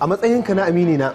a matsayinka na amini na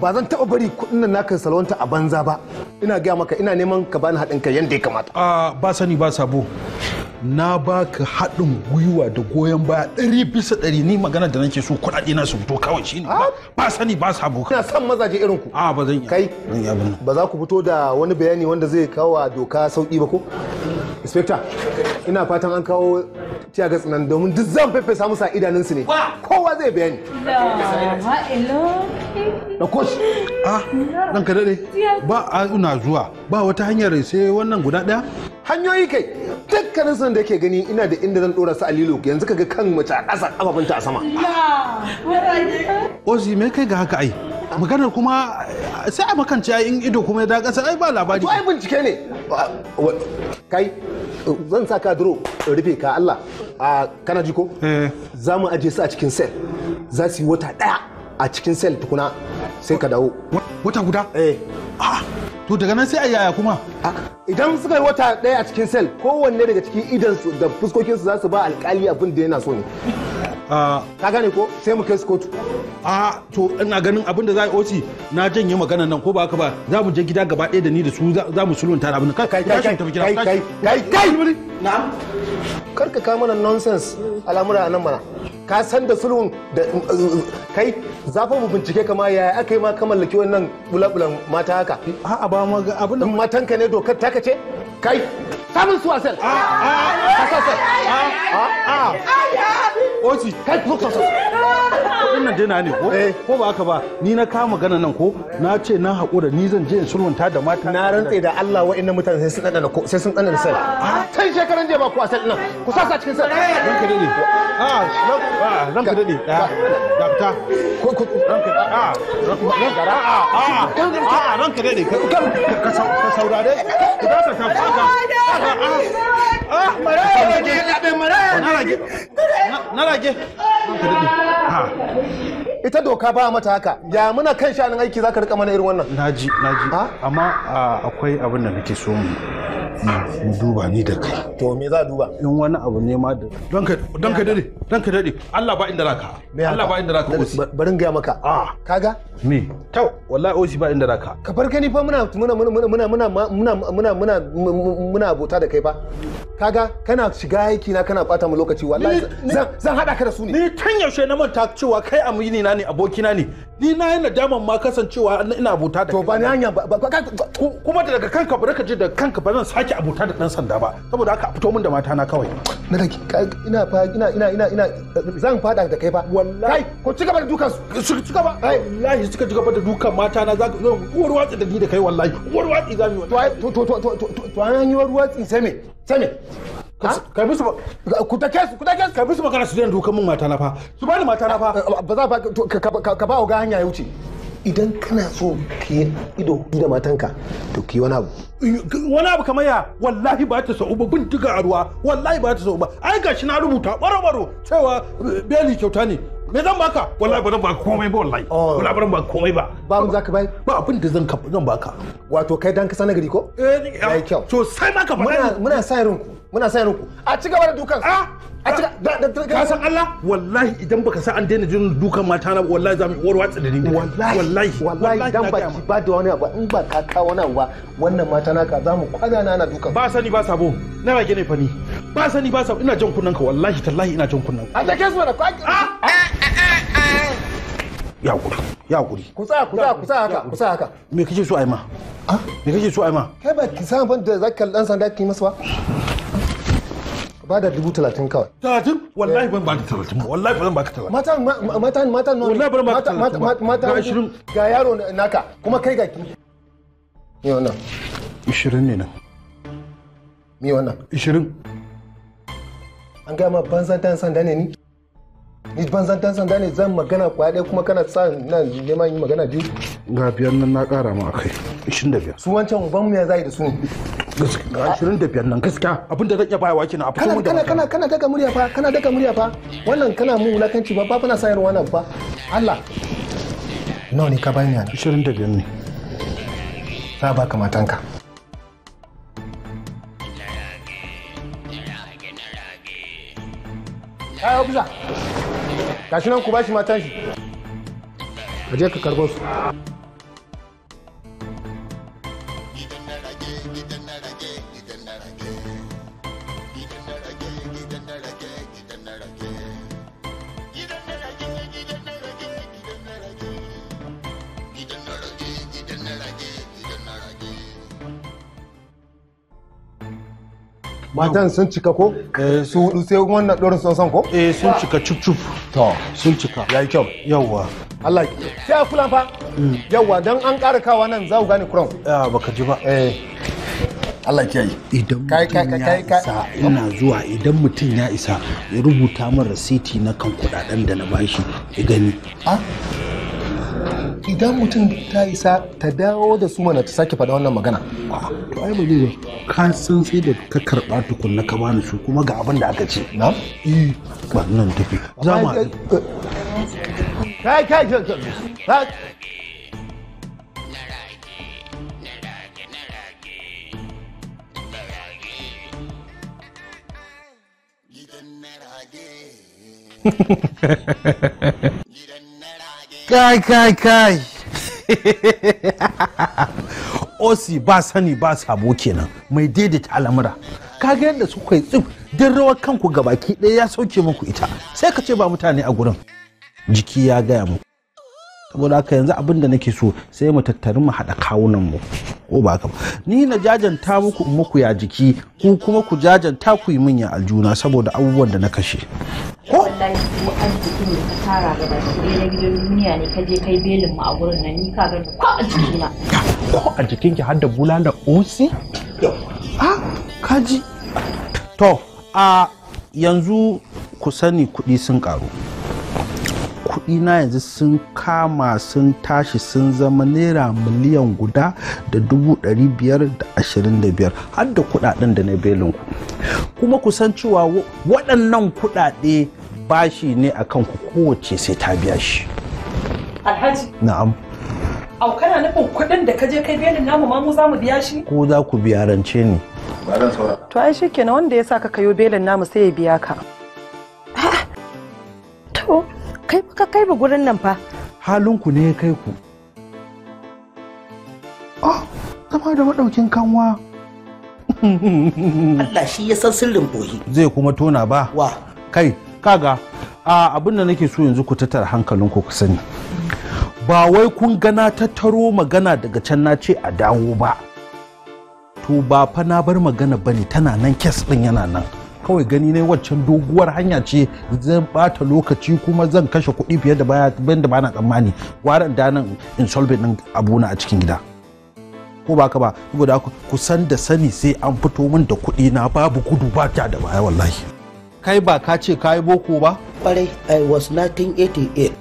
ba zan taba bari kudin nan naka salawanta a banza ba ina gaya maka ina neman ka bani haɗin kai yadda ya kamata a ba sani ba sabo na baka haɗin gwiwa da goyon baya ɗari bisa ɗari ni magana da nake so kuɗaɗe na su fito kawai ne ba sani ba sabo ina son mazaje irin ku a ba zan yi kai ba za ku fito da wani bayani wanda zai kawo doka sauki ba ko inspector ina fatan an kawo tiya ga tsanan domin duk zan samu sa idanun su ne kowa zai bayani da coach ah dan ka dade ba a ina zuwa ba wata hanyar sai wannan guda daya hanyoyi kai dukkanin sun da ke gani ina da inda zan dora su a lilo yanzu kaga kan mace a ƙasa kafafunta a sama ozi me kai ga haka ai maganar kuma sai a makance in ido kuma ya da ƙasa ai ba labari to ai bincike ne kai zan sa ka duro rufe ka Allah a kana jiko eh. za mu aje su a cikin sel za su yi wata daya a cikin sel tukuna sai ka dawo wata guda eh ah, to daga nan sai a yaya kuma idan suka yi wata daya a cikin sel kowanne daga cikin idan su da fuskokin su za su ba alkali abin da yana so ne ah. ka gane ko sai mu kai su kotu a to ina ganin abin da za a oci na janye magana nan ko ba haka ba za mu je gida gaba ɗaya da ni da su za mu sulunta abin kai kai kai kai kai kai kai kai na'am kar ka mana nonsense al'amura nan mana ka san da sulhun da kai zafin mu bincike kama yaya aka yi ma ka mallaki wannan bulabulan mata haka a'a ba ma abin da matan ka ne dokar taka ce kai samun su A'a a a a a a a a a a a wannan nan na ne ko eh. ko ba haka ba ni na kama magana nan ko na ce na haƙura ni zan je in sulhunta da mata na rantsa da Allah wa'annan mutane sai sun dana ko sai sun dana sai sai shekaran jiya ba ku asal nan ku sa sa cikin sai ranka dade a ah, ranka ah, dade da ah, fita ko ku ranka a ranka a a ranka dade ka ka ka saurare ka ka ka ka ah mara maraya ke ya maraya na rage ita doka ba mata haka ya muna kan sha'anin aiki zaka rika mana irin wannan naji naji amma akwai abin da nake so mu mu duba ni da kai to me za duba in wani abu ne ma da don ka don ka dade don ka dade Allah ba inda zaka Allah ba inda zaka osi bari in ga maka a ah. kaga me to wallahi osi ba inda zaka ka farka ni fa muna muna muna muna muna muna muna muna muna abota da kai fa kaga kana shiga aiki na kana bata mu lokaci wallahi zan hada ka da su ne ni tun yaushe na manta cewa kai amini na ne abokina ne ni na yi nadaman ma kasancewa ina abota da to ba ni hanya kuma da daga kanka ba ka je da kanka ba zan sake abota da dan sanda ba saboda haka fito min da mata na kawai na da ina fa ina ina ina zan fada da kai ba wallahi ko ci gaba da dukan su ci gaba wallahi ci gaba da dukan mata na zaka zo uwar watsi da ni da kai wallahi uwar watsi zamu yi to to to to to an yi uwar watsi sai me sai me kai musu ku take su ku take su kai musu magana su je dukan mun mata na fa su bani mata na fa eh, ba za fa ka ba ga hanya ya wuce idan kana so ka yi ido da matanka to ki wani abu wani abu kamar ya wallahi ba ta sa'u ba bindiga a ruwa wallahi ba ta sa'u ba ai gashi na rubuta baro baro cewa eh, beli kyauta ne me zan baka wallahi ba zan baka komai ba wallahi oh. wallahi ba zan baka komai ba ba mun zaka bai ba abin da zan ka zan baka wato kai dan kasa nagari ko eh yayi kyau to sai maka muna muna sa irin ku muna sa irin ku a ci gaba da dukan a ah! a ci gaba da ka san Allah wallahi idan baka sa an daina jin dukan mata na wallahi zamu war watsa da ni wallahi wallahi wallahi dan ba ki ba da wani abu in ba ka ka wani abu ba wannan mata na ka zamu kwaga na na dukan ba sani ba sabo na rage ne fani ba sani ba sabo ina jan kunnanka wallahi tallahi ina jan kunnanka a take su da ka ya hakuri ya hakuri ku tsaya ku tsaya ku tsaya haka ku tsaya haka me kake so ai ma me kake so ai ma kai ba ki san fanta da zaka dan sanda ki masa ba ba da dubu talatin kawai. Talatin? Wallahi eh. ban baka talatin ba. Wallahi ban ba ka talatin. Mata mata mata nawa? Wallahi ban baka talatin ba. Mata ashirin. Ga yaro naka kuma kai ga ki. Me wannan? Ishirin ne nan. Me wannan? Ishirin. An gaya ma ban san ta sanda ne ni? ban san dan sanda ne zan magana kwaya kuma kana sa nan neman yi magana biyu ga biyar nan na kara ma akai 25 su wancan uban mu ya zai da su 25 nan gaskiya abinda zan iya bayawa kina abu kana kana kana kana daga murya fa kana daga murya fa wannan kana mu wulakanci ba fa kana sayarwa nan fa Allah nawa ne ka bani nan 25 ne za ba ka matanka Ai, obza. gashi nan ku bashi matan shi ka je ka karbo su matan sun cika ko eh su hudu sai wannan dorin sun san ko eh sun cika cip cip to sun cika yi kyau yawa Allah sai kula fa mm. yawa dan an ƙara kawa nan za ku gane kuran eh baka ji ba eh Allah kiyaye idan mutum ya isa ina zuwa idan mutum ya isa ya rubuta min receipt na kan kudaden da na bashi ya gani ah idan mutum ta isa ta dawo da su mana ta sake faɗa wannan magana to ai ne. ka san sai da ka karɓa tukun na ka bani su kuma ga abin da aka ce na eh ba nan tafi za mu kai kai kai Ha ha ha ha ha ha. kai kai kai osi ba sani ba sabo kenan mai daidaita al'amura ga yadda su kai tsif din rawar kanku ga baki ɗaya ya sauke muku ita sai ka ce ba mutane a gurin jiki ya gaya mu saboda haka yanzu abin da nake so sai mu tattari mu haɗa kawunan mu ko ba haka ni na jajanta muku in muku ya jiki ku kuma ku jajanta ku yi min ya aljuna saboda abubuwan da na kashe ko ko arzikin ne ka tara ga baki ɗaya na gidan duniya ne ka je kai belin mu a gurin nan ni ka ga ko a jikina ko a jikinki har da bulala osi ha ah, kaji to a yanzu ku sani kuɗi sun ƙaru kuɗi na yanzu sun kama sun tashi sun zama naira miliyan guda da dubu ɗari biyar da ashirin da biyar har da kuɗaɗen da na belin ku kuma kusan cewa waɗannan kuɗaɗe bashi ne akan ku kowace sai ta biya shi alhaji na'am au kana nufin kuɗin da kaje kai belin namu ma mu za mu biya shi ko za ku biya rance ne to ai kenan wanda ya sa ka kayo belin namu sai ya biya ka to kai ka kai ba gurin nan fa halinku ne ya kai ku ah zama da madaukin kanwa Allah shi ya san sirrin boye zai kuma tona ba wa kai kaga abin da nake so yanzu ku tattara hankalin ku sani ba wai kun gana tattaro magana daga can na ce a dawo ba to ba fa na bar magana bane tana nan kes din yana nan kawai gani ne waccan doguwar hanya ce zan bata lokaci kuma zan kashe kuɗi fiye da baya da bana tsammani waran da nan insolvent din abuna a cikin gida ko ba ka ba saboda kusan da sani sai an fito min da kuɗi na babu gudu ba ta da baya wallahi kai ba ka ce ka yi boko ba? Kwarai, I was 1988.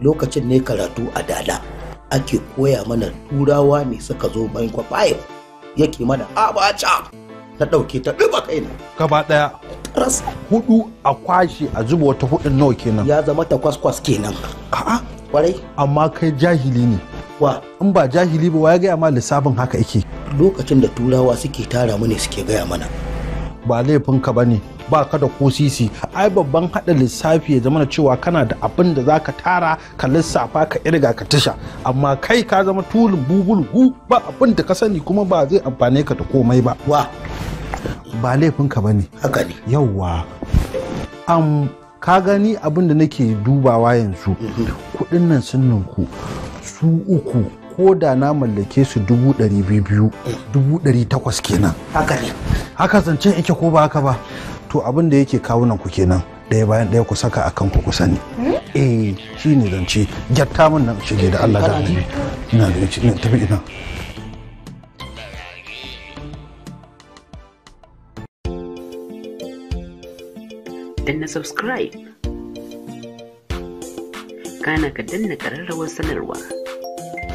Lokacin ne karatu a dala ake koya mana turawa ne suka zo bayan kwafayin yake mana abaca ta ɗauke ta ɗuba kaina. Gaba ɗaya. Ras. Hudu a kwashe a zuba wata hudun nawa kenan. Ya zama ta kwaskwas kenan. A'a. Kwarai. Amma kai jahili ne. Wa. In ba jahili ba wa ya gaya ma lissafin haka yake. Lokacin da turawa suke tara mu ne suke gaya mana. ba laifin ka bane ba ka da ko sisi ai babban haɗa lissafi ya zama cewa kana da abin da zaka tara ka lissafa ka irga ka tisha amma kai ka zama tulin bugulgu ba abin da ka sani kuma ba zai amfane ka da komai ba wa ba laifin ka bane haka ne yawwa am ka gani abin da nake dubawa yanzu mhm. kuɗin nan sun ninku su uku ko da na mallake su dubu ɗari biyu dubu ɗari takwas kenan haka ne haka zance yake ko ba haka ba to abin da yake kawunan ku kenan ɗaya bayan ɗaya ku saka akan ku sani hmm? eh shi ne zance gyatta min nan shige da Allah da annabi ina da ina tafi ina danna subscribe kana ka danna ƙararrawar sanarwa